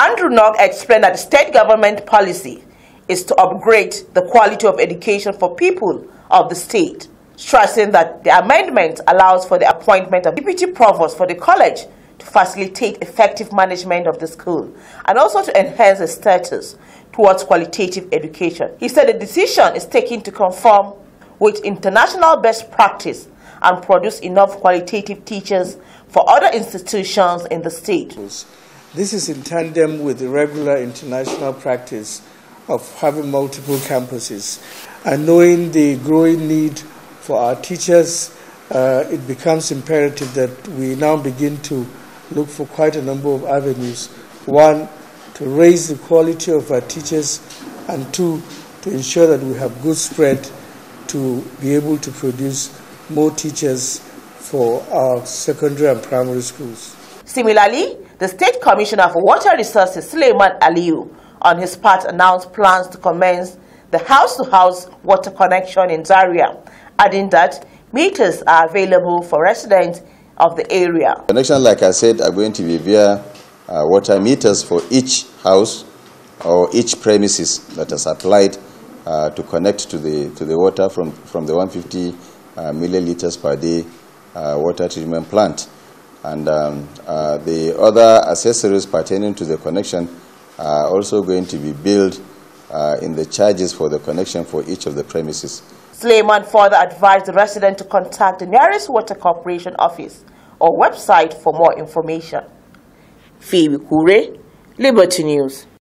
Andrew Nog explained that the state government policy is to upgrade the quality of education for people of the state, stressing that the amendment allows for the appointment of deputy provost for the college to facilitate effective management of the school and also to enhance the status towards qualitative education. He said the decision is taken to conform with international best practice and produce enough qualitative teachers for other institutions in the state. This is in tandem with the regular international practice of having multiple campuses. And knowing the growing need for our teachers, uh, it becomes imperative that we now begin to look for quite a number of avenues. One, to raise the quality of our teachers, and two, to ensure that we have good spread to be able to produce more teachers for our secondary and primary schools. Similarly, the State Commissioner of Water Resources, Suleiman Aliyu, on his part announced plans to commence the house-to-house -house water connection in Zaria, adding that meters are available for residents of the area. Connection, like I said, are going to be via uh, water meters for each house or each premises that is applied uh, to connect to the, to the water from, from the 150 uh, milliliters per day uh, water treatment plant. And um, uh, the other accessories pertaining to the connection are also going to be billed uh, in the charges for the connection for each of the premises. Sleiman further advised the resident to contact the nearest Water Corporation office or website for more information. Phoebe Kure, Liberty News.